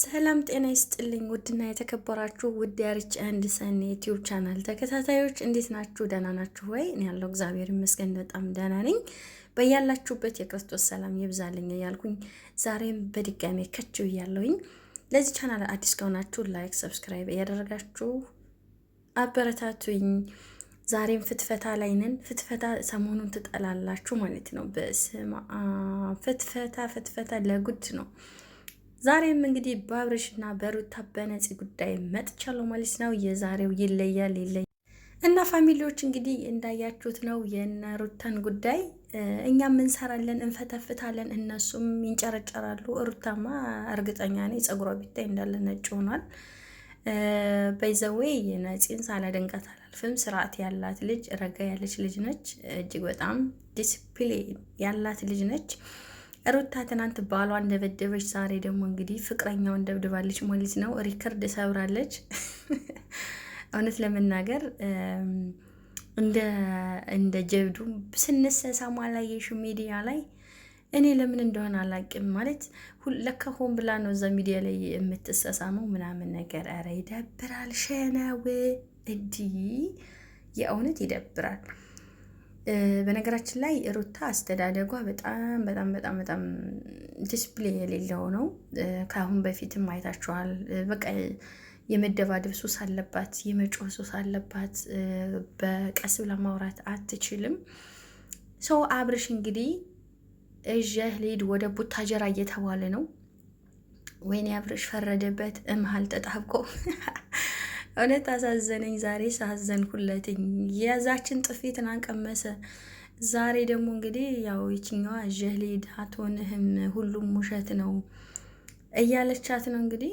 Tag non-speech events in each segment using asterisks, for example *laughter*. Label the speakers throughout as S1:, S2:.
S1: ሰላም ጤና ይስጥልኝ። ውድና የተከበራችሁ ውድ ያርች አንድ ሰኔ ዩቲዩብ ቻናል ተከታታዮች እንዴት ናችሁ? ደህና ናችሁ ወይ? እኔ ያለው እግዚአብሔር ይመስገን በጣም ደህና ነኝ። በያላችሁበት የክርስቶስ ሰላም ይብዛልኝ እያልኩኝ ዛሬም በድጋሜ ከች እያለሁኝ ለዚህ ቻናል አዲስ ከሆናችሁ ላይክ፣ ሰብስክራይብ እያደረጋችሁ አበረታቱኝ። ዛሬም ፍትፈታ ላይ ነን። ፍትፈታ ሰሞኑን ትጠላላችሁ ማለት ነው። በስማ ፍትፈታ ፍትፈታ ለጉድ ነው ዛሬም እንግዲህ በአብርሽና በሩታ በነፂ ጉዳይ መጥቻለሁ ማለት ነው። የዛሬው ይለያል ይለያል እና ፋሚሊዎች እንግዲህ እንዳያችሁት ነው የነሩታን ጉዳይ እኛም እንሰራለን፣ እንፈተፍታለን፣ እነሱም ይንጨረጨራሉ። ሩታማ እርግጠኛ ነኝ ጸጉሯ ቢታይ እንዳለ ነጭ ሆኗል። በይዘዌ ነፂን ሳላደንቃት አላልፍም። ስርዓት ያላት ልጅ፣ ረጋ ያለች ልጅ ነች። እጅግ በጣም ዲስፕሊን ያላት ልጅ ነች። ሩታ ትናንት ባሏን ደበደበች፣ ዛሬ ደግሞ እንግዲህ ፍቅረኛውን ደብድባለች ማለት ነው። ሪከርድ ሰብራለች። *laughs* እውነት ለመናገር እንደ ጀብዱ ስንሰሳማ ላይ የሹ ሚዲያ ላይ እኔ ለምን እንደሆነ አላቅም። ማለት ለካ ሆን ብላ ነው እዛ ሚዲያ ላይ የምትሰሳመው ምናምን ነገር። ኧረ ይደብራል። ሸነው እዲ የእውነት ይደብራል። በነገራችን ላይ ሩታ አስተዳደጓ በጣም በጣም በጣም በጣም ዲስፕሌ የሌለው ነው። ከአሁን በፊትም አይታችኋል። በቃ የመደባደብ ሱስ አለባት፣ የመጮህ ሱስ አለባት። በቀስ ብላ ማውራት አትችልም። ሰው አብርሽ እንግዲህ እዥህ ሊድ ወደ ቡታጀራ እየተባለ ነው። ወይኔ አብርሽ ፈረደበት እምሃል ተጣብቆ *laughs* እውነት አሳዘነኝ። ዛሬ ሳዘንኩለትኝ የዛችን ጥፊትን አንቀመሰ። ዛሬ ደግሞ እንግዲህ ያው ይችኛዋ ጀሊድ አትሆንህም፣ ሁሉም ውሸት ነው እያለቻት ነው እንግዲህ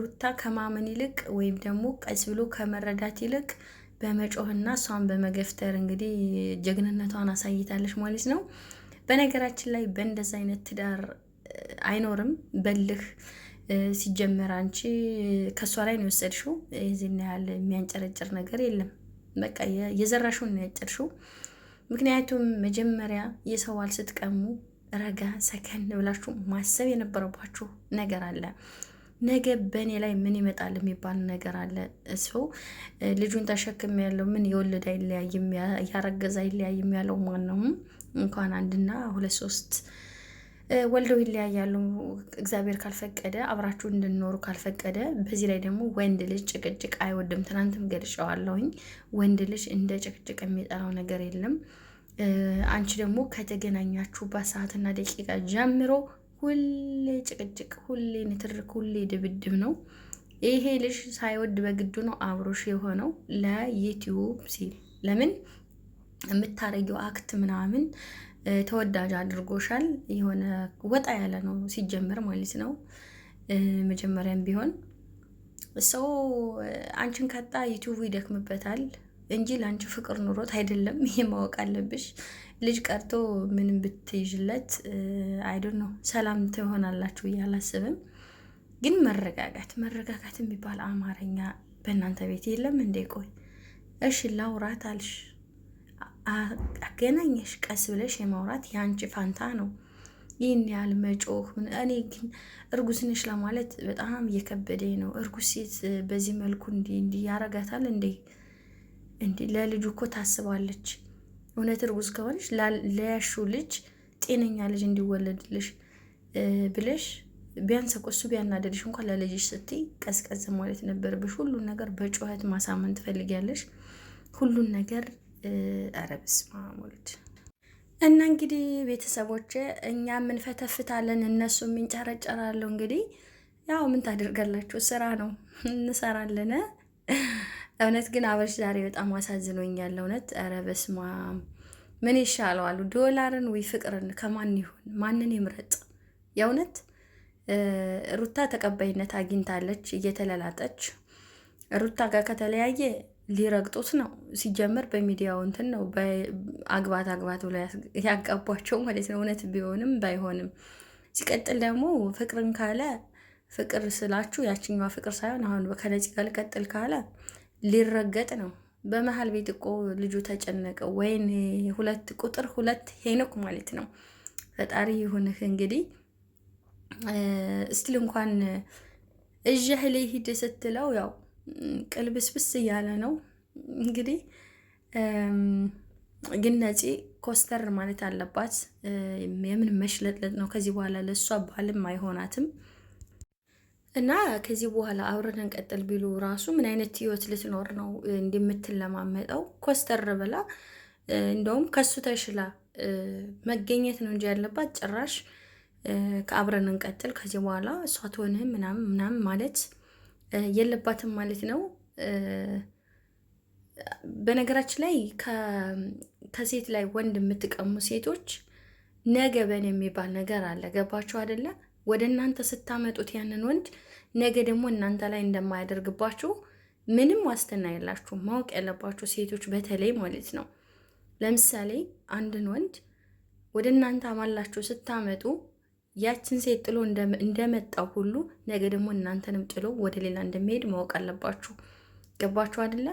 S1: ሩታ ከማመን ይልቅ ወይም ደግሞ ቀስ ብሎ ከመረዳት ይልቅ በመጮህና እሷን በመገፍተር እንግዲህ ጀግንነቷን አሳይታለች ማለት ነው። በነገራችን ላይ በእንደዚ አይነት ትዳር አይኖርም በልህ ሲጀመር አንቺ ከእሷ ላይ ነው የወሰድሽው። ይህን ያህል የሚያንጨረጭር ነገር የለም። በቃ የዘራሽውን ነው ያጨርሽው። ምክንያቱም መጀመሪያ የሰዋል ስትቀሙ ረጋ ሰከን ብላችሁ ማሰብ የነበረባችሁ ነገር አለ። ነገ በእኔ ላይ ምን ይመጣል የሚባል ነገር አለ። ሰው ልጁን ተሸክም ያለው ምን የወለድ አይለያይም፣ ያረገዝ አይለያይም ያለው ማን እንኳን አንድና ሁለት ሶስት ወልደው ይለያያሉ፣ እግዚአብሔር ካልፈቀደ አብራችሁ እንድንኖሩ ካልፈቀደ። በዚህ ላይ ደግሞ ወንድ ልጅ ጭቅጭቅ አይወድም። ትናንትም ገልጨዋለሁኝ። ወንድ ልጅ እንደ ጭቅጭቅ የሚጠራው ነገር የለም። አንቺ ደግሞ ከተገናኛችሁባት ሰዓትና ደቂቃ ጀምሮ ሁሌ ጭቅጭቅ፣ ሁሌ ንትርክ፣ ሁሌ ድብድብ ነው። ይሄ ልጅ ሳይወድ በግዱ ነው አብሮሽ የሆነው ለዩቲዩብ ሲል ለምን የምታረጊው አክት ምናምን ተወዳጅ አድርጎሻል። የሆነ ወጣ ያለ ነው ሲጀመር ማለት ነው። መጀመሪያም ቢሆን ሰው አንቺን ካጣ ዩቲዩቡ ይደክምበታል እንጂ ለአንቺ ፍቅር ኑሮት አይደለም። ይሄ ማወቅ አለብሽ። ልጅ ቀርቶ ምንም ብትይዥለት አይዶ ነው ሰላም ትሆናላችሁ እያላስብም ግን መረጋጋት መረጋጋት የሚባል አማርኛ በእናንተ ቤት የለም እንዴ? ቆይ እሺ ላውራት አልሽ አገናኘሽ ቀስ ብለሽ የማውራት የአንቺ ፋንታ ነው። ይህን ያህል መጮህ ምን እኔ ግን እርጉዝ ነሽ ለማለት በጣም እየከበደ ነው። እርጉዝ ሴት በዚህ መልኩ እንዲህ እንዲህ ያረጋታል እንዴ? እንዲህ ለልጁ እኮ ታስባለች። እውነት እርጉዝ ከሆነች ለያሹ ልጅ ጤነኛ ልጅ እንዲወለድልሽ ብለሽ ቢያንስ ቆሱ እሱ ቢያናደድሽ እንኳን ለልጅሽ ስትይ ቀዝቀዝ ማለት ነበረብሽ። ሁሉን ነገር በጩኸት ማሳመን ትፈልጊያለሽ። ሁሉን ነገር ኧረ በስመ አብ ወልድ እና እንግዲህ ቤተሰቦች እኛ የምንፈተፍታለን፣ እነሱ የሚንጨረጨራሉ። እንግዲህ ያው ምን ታደርጋላችሁ? ስራ ነው፣ እንሰራለን። እውነት ግን አበሽ ዛሬ በጣም አሳዝኖኛል። እውነት ኧረ በስመ አብ ምን ይሻለዋሉ? ዶላርን ወይ ፍቅርን? ከማን ይሁን ማንን ይምረጥ? የእውነት ሩታ ተቀባይነት አግኝታለች እየተለላጠች ሩታ ጋር ከተለያየ ሊረግጡት ነው። ሲጀመር በሚዲያው እንትን ነው አግባት አግባት ብሎ ያጋቧቸው ማለት ነው። እውነት ቢሆንም ባይሆንም ሲቀጥል ደግሞ ፍቅርን ካለ ፍቅር ስላችሁ ያችኛዋ ፍቅር ሳይሆን አሁን ከነጭ ጋር ልቀጥል ካለ ሊረገጥ ነው። በመሀል ቤት እኮ ልጁ ተጨነቀ። ወይን ሁለት ቁጥር ሁለት ሄኖክ ማለት ነው። ፈጣሪ ይሁንህ እንግዲህ እስቲል እንኳን እዥህ ሊሂድ ስትለው ያው ቅልብስብስ እያለ ነው እንግዲህ ግን ነፂ ኮስተር ማለት አለባት። የምን መሽለጥለጥ ነው? ከዚህ በኋላ ለእሷ ባልም አይሆናትም እና ከዚህ በኋላ አብረን እንቀጥል ቢሉ ራሱ ምን አይነት ህይወት ልትኖር ነው እንደምትለማመጠው ኮስተር ብላ እንደውም ከሱ ተሽላ መገኘት ነው እንጂ ያለባት ጭራሽ ከአብረን እንቀጥል ከዚህ በኋላ እሷ ትሆንህም ምናምን ምናምን ማለት የለባትም ማለት ነው። በነገራችን ላይ ከሴት ላይ ወንድ የምትቀሙ ሴቶች ነገ በን የሚባል ነገር አለ። ገባችሁ አደለ? ወደ እናንተ ስታመጡት ያንን ወንድ ነገ ደግሞ እናንተ ላይ እንደማያደርግባችሁ ምንም ዋስትና የላችሁ። ማወቅ ያለባችሁ ሴቶች በተለይ ማለት ነው። ለምሳሌ አንድን ወንድ ወደ እናንተ አማላችሁ ስታመጡ ያችን ሴት ጥሎ እንደመጣው ሁሉ ነገ ደግሞ እናንተንም ጥሎ ወደ ሌላ እንደሚሄድ ማወቅ አለባችሁ። ገባችሁ አይደለ?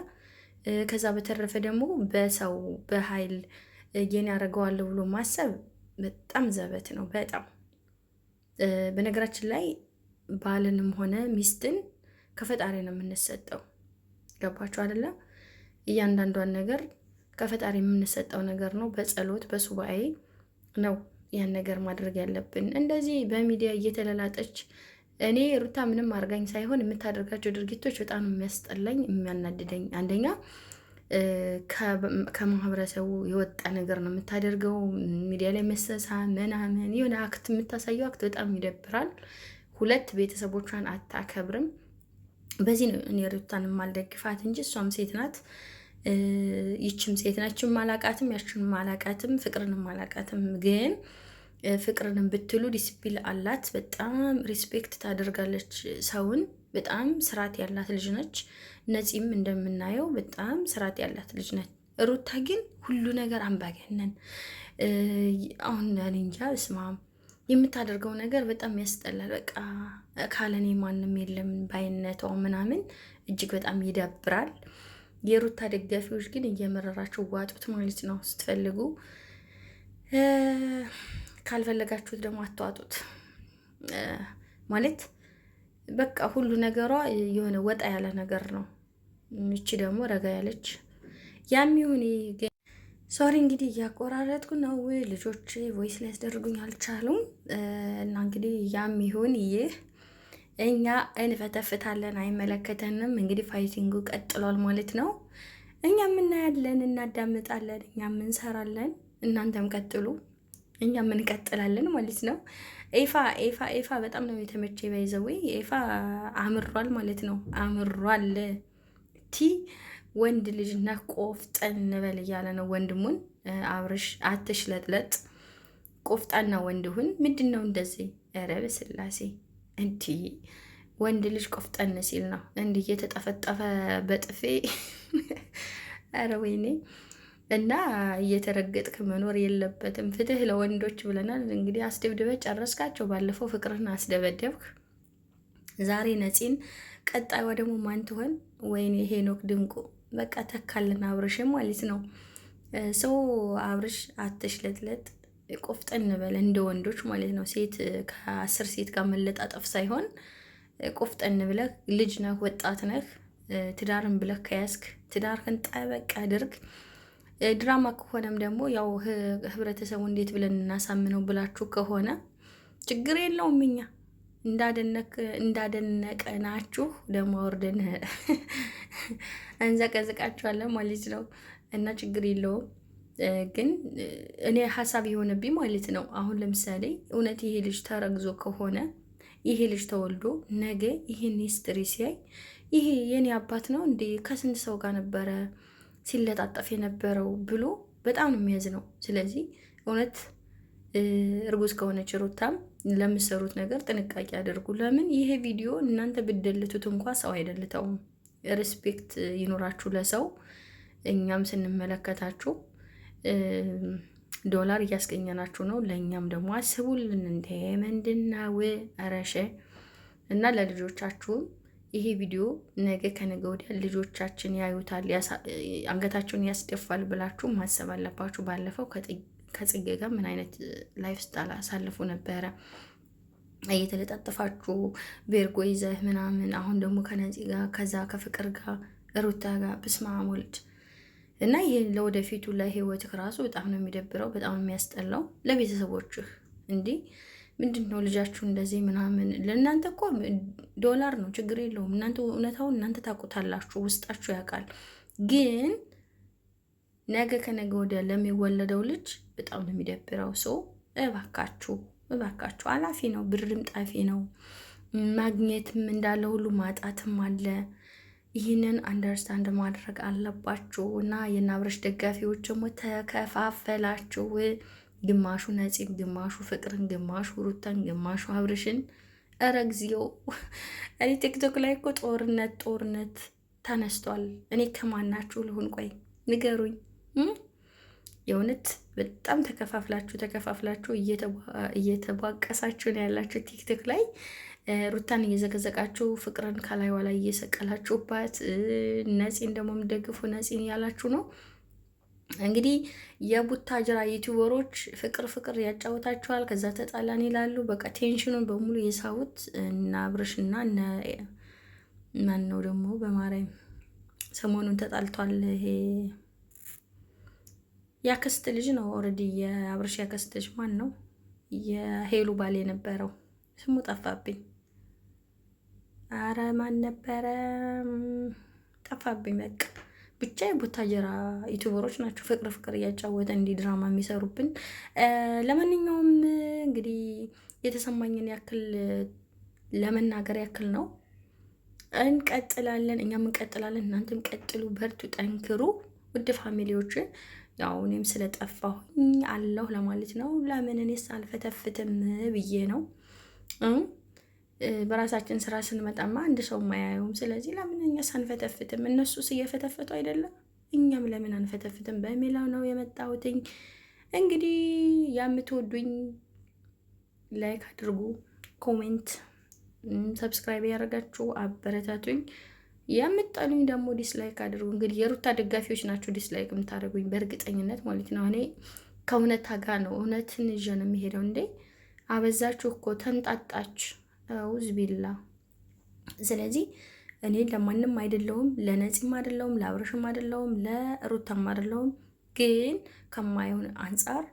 S1: ከዛ በተረፈ ደግሞ በሰው በኃይል የኔ ያደርገዋለሁ ብሎ ማሰብ በጣም ዘበት ነው። በጣም በነገራችን ላይ ባልንም ሆነ ሚስትን ከፈጣሪ ነው የምንሰጠው። ገባችሁ አይደለ? እያንዳንዷን ነገር ከፈጣሪ የምንሰጠው ነገር ነው። በጸሎት በሱባኤ ነው ያን ነገር ማድረግ ያለብን። እንደዚህ በሚዲያ እየተለላጠች እኔ ሩታ ምንም አድርጋኝ ሳይሆን የምታደርጋቸው ድርጊቶች በጣም የሚያስጠላኝ የሚያናድደኝ፣ አንደኛ ከማህበረሰቡ የወጣ ነገር ነው የምታደርገው። ሚዲያ ላይ መሰሳ ምናምን የሆነ አክት የምታሳየው አክት በጣም ይደብራል። ሁለት ቤተሰቦቿን አታከብርም። በዚህ ነው እኔ ሩታን የማልደግፋት እንጂ እሷም ሴት ናት። ይችም ሴት ናችን ማላቃትም ያችን ማላቃትም ፍቅርንም ማላቃትም ግን ፍቅርንም ብትሉ ዲስፕሊን አላት። በጣም ሪስፔክት ታደርጋለች ሰውን። በጣም ስርዓት ያላት ልጅ ነች። ነፂም እንደምናየው በጣም ስርዓት ያላት ልጅ ነች። ሩታ ግን ሁሉ ነገር አምባገነን። አሁን እንጃ እስማም የምታደርገው ነገር በጣም ያስጠላል። በቃ ካለኔ ማንም የለም ባይነቷ ምናምን እጅግ በጣም ይደብራል። የሩታ ደጋፊዎች ግን እየመረራችሁ ዋጡት ማለት ነው። ስትፈልጉ ካልፈለጋችሁት ደግሞ አትዋጡት ማለት በቃ ሁሉ ነገሯ የሆነ ወጣ ያለ ነገር ነው። እቺ ደግሞ ረጋ ያለች ያም ይሁን ሶሪ እንግዲህ እያቆራረጥኩ ነው። ልጆች ቮይስ ሊያስደርጉኝ አልቻሉም እና እንግዲህ ያም ይሁን ይህ እኛ እንፈተፍታለን፣ አይመለከተንም። እንግዲህ ፋይቲንጉ ቀጥሏል ማለት ነው። እኛም እናያለን፣ እናዳምጣለን፣ እኛም እንሰራለን። እናንተም ቀጥሉ፣ እኛም እንቀጥላለን ማለት ነው። ኤፋ ኤፋ ኤፋ በጣም ነው የተመቼ ባይዘዌ ኤፋ አምሯል ማለት ነው። አምሯል ቲ ወንድ ልጅ ነህ፣ ቆፍጠን በል እያለ ነው ወንድሙን አብርሽ። አትሽለጥለጥ፣ ቆፍጣና ወንድ ሁን። ምንድን ነው እንደዚህ? ኧረ ስላሴ። እንዲህ ወንድ ልጅ ቆፍጠን ሲል ነው እንዲ እየተጠፈጠፈ በጥፌ ኧረ *laughs* ወይኔ እና እየተረገጥክ መኖር የለበትም። ፍትህ ለወንዶች ብለናል። እንግዲህ አስደብድበ ጨረስካቸው። ባለፈው ፍቅርን አስደበደብክ፣ ዛሬ ነፂን፣ ቀጣይ ደግሞ ማን ትሆን? ወይኔ ሄኖክ ድንቁ በቃ ተካልን አብርሽ ማለት ነው። ሰው አብርሽ አትሽለጥለጥ። ቆፍጠን በል እንደ ወንዶች ማለት ነው። ሴት ከአስር ሴት ጋር መለጣጠፍ ሳይሆን ቆፍጠን ብለህ ልጅ ነህ፣ ወጣት ነህ፣ ትዳርን ብለህ ከያዝክ ትዳርህን ጠበቅ አድርግ። ድራማ ከሆነም ደግሞ ያው ህብረተሰቡ እንዴት ብለን እናሳምነው ብላችሁ ከሆነ ችግር የለውም። እኛ ናችሁ ደግሞ አውርደን *laughs* እንዘቀዝቃችኋለን ማለት ነው እና ችግር የለውም። ግን እኔ ሀሳብ የሆነብኝ ማለት ነው። አሁን ለምሳሌ እውነት ይሄ ልጅ ተረግዞ ከሆነ ይሄ ልጅ ተወልዶ ነገ ይህን ሂስትሪ ሲያይ ይሄ የኔ አባት ነው እንዴ ከስንት ሰው ጋር ነበረ ሲለጣጠፍ የነበረው ብሎ በጣም ነው የሚያዝ ነው። ስለዚህ እውነት እርጉዝ ከሆነች ሩታም ለምሰሩት ነገር ጥንቃቄ አድርጉ። ለምን ይሄ ቪዲዮ እናንተ ብደልቱት እንኳ ሰው አይደልተውም። ሪስፔክት ይኖራችሁ ለሰው እኛም ስንመለከታችሁ ዶላር እያስገኘናችሁ ነው። ለእኛም ደግሞ አስቡልን። እንደ ምንድናው ረሸ እና ለልጆቻችሁም ይሄ ቪዲዮ ነገ ከነገ ወዲያ ልጆቻችን ያዩታል፣ አንገታቸውን ያስደፋል ብላችሁ ማሰብ አለባችሁ። ባለፈው ከጽጌ ጋር ምን አይነት ላይፍ ስታይል አሳልፉ ነበረ እየተለጣጠፋችሁ ቤርጎ ይዘህ ምናምን። አሁን ደግሞ ከነፂ ጋር ከዛ ከፍቅር ጋር ሩታ ጋር ብስማ ወልድ እና ይህ ለወደፊቱ ለህይወትህ ራሱ በጣም ነው የሚደብረው፣ በጣም የሚያስጠላው። ለቤተሰቦችህ እንዲህ ምንድን ነው ልጃችሁ እንደዚህ ምናምን። ለእናንተ እኮ ዶላር ነው ችግር የለውም። እናንተ እውነታውን እናንተ ታውቁታላችሁ፣ ውስጣችሁ ያውቃል። ግን ነገ ከነገ ወዲያ ለሚወለደው ልጅ በጣም ነው የሚደብረው። ሰው እባካችሁ፣ እባካችሁ አላፊ ነው ብርም ጣፊ ነው። ማግኘትም እንዳለ ሁሉ ማጣትም አለ። ይህንን አንደርስታንድ ማድረግ አለባችሁ እና የናብረሽ ደጋፊዎች ደግሞ ተከፋፈላችሁ። ግማሹ ነፂን፣ ግማሹ ፍቅርን፣ ግማሹ ሩታን፣ ግማሹ አብርሽን። እረ እግዚኦ! እኔ ቲክቶክ ላይ እኮ ጦርነት ጦርነት ተነስቷል። እኔ ከማናችሁ ልሁን? ቆይ ንገሩኝ። የእውነት በጣም ተከፋፍላችሁ ተከፋፍላችሁ እየተቧቀሳችሁ ነው ያላችሁ ቲክቶክ ላይ ሩታን እየዘገዘቃችሁ ፍቅርን ከላይ ላይ እየሰቀላችሁባት ነፂን ደግሞ የምደግፉ ነፂን ያላችሁ ነው። እንግዲህ የቡታ ጅራ ዩቲዩበሮች ፍቅር ፍቅር ያጫወታችኋል፣ ከዛ ተጣላን ይላሉ። በቃ ቴንሽኑን በሙሉ የሳቡት እና አብርሽና ማን ነው ደግሞ በማርያም ሰሞኑን ተጣልቷል። ይሄ ያክስት ልጅ ነው ኦልሬዲ የአብርሽ ያክስት ልጅ ማን ነው የሄሉ ባል የነበረው ስሙ ጠፋብኝ። አረ ማን ነበረ ጠፋብኝ። በቃ ብቻ የቡታጀራ ዩቱበሮች ናቸው ፍቅር ፍቅር እያጫወተ እንዲህ ድራማ የሚሰሩብን። ለማንኛውም እንግዲህ የተሰማኝን ያክል ለመናገር ያክል ነው። እንቀጥላለን፣ እኛም እንቀጥላለን። እናንተም ቀጥሉ፣ በርቱ፣ ጠንክሩ ውድ ፋሚሊዎች። ያው እኔም ስለጠፋሁኝ አለሁ ለማለት ነው። ለምን እኔስ አልፈተፍትም ብዬ ነው። በራሳችን ስራ ስንመጣማ አንድ ሰው ማያየውም። ስለዚህ ለምን እኛስ አንፈተፍትም? እነሱስ እየፈተፈቱ አይደለም? እኛም ለምን አንፈተፍትም በሚለው ነው የመጣሁትኝ። እንግዲህ የምትወዱኝ ላይክ አድርጉ፣ ኮሜንት፣ ሰብስክራይብ ያደርጋችሁ አበረታቱኝ። የምጠሉኝ ደግሞ ዲስላይክ አድርጉ። እንግዲህ የሩታ ደጋፊዎች ናቸው ዲስላይክ የምታደርጉኝ በእርግጠኝነት ማለት ነው። እኔ ከእውነታ ጋር ነው እውነትን ይዤ ነው የሚሄደው። እንዴ አበዛችሁ እኮ ተንጣጣች። አውዝ ቢላ። ስለዚህ እኔ ለማንም አይደለውም፣ ለነፂም አይደለውም፣ ለአብረሽም አይደለውም፣ ለሩታም አይደለውም። ግን ከማይሆን አንጻር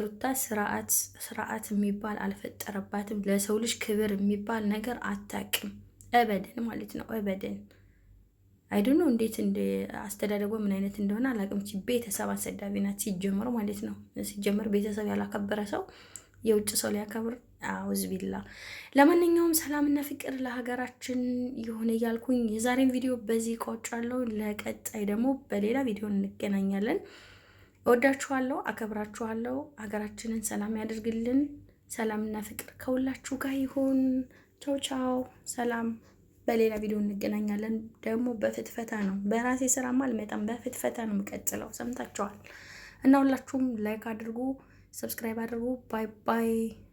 S1: ሩታ ስርዓት ስርዓት የሚባል አልፈጠረባትም። ለሰው ልጅ ክብር የሚባል ነገር አታውቅም እበደን ማለት ነው። እበደን አይዱኖ እንዴት አስተዳደጎ ምን አይነት እንደሆነ አላውቅም። ቤተሰብ አሰዳቢ ናት ማለት ነው። ሲጀመር ቤተሰብ ያላከበረ ሰው የውጭ ሰው ሊያከብር አውዝ ቢላ። ለማንኛውም ሰላምና ፍቅር ለሀገራችን ይሁን እያልኩኝ የዛሬን ቪዲዮ በዚህ ቆጫለሁ። ለቀጣይ ደግሞ በሌላ ቪዲዮ እንገናኛለን። እወዳችኋለሁ፣ አከብራችኋለሁ። ሀገራችንን ሰላም ያደርግልን። ሰላምና ፍቅር ከሁላችሁ ጋር ይሁን። ቻው ቻው፣ ሰላም። በሌላ ቪዲዮ እንገናኛለን። ደግሞ በፍትፈታ ነው፣ በራሴ ስራማ አልመጣም። በፍትፈታ ነው የምቀጥለው። ሰምታችኋል እና ሁላችሁም ላይክ አድርጉ። subscribe baru. Bye bye.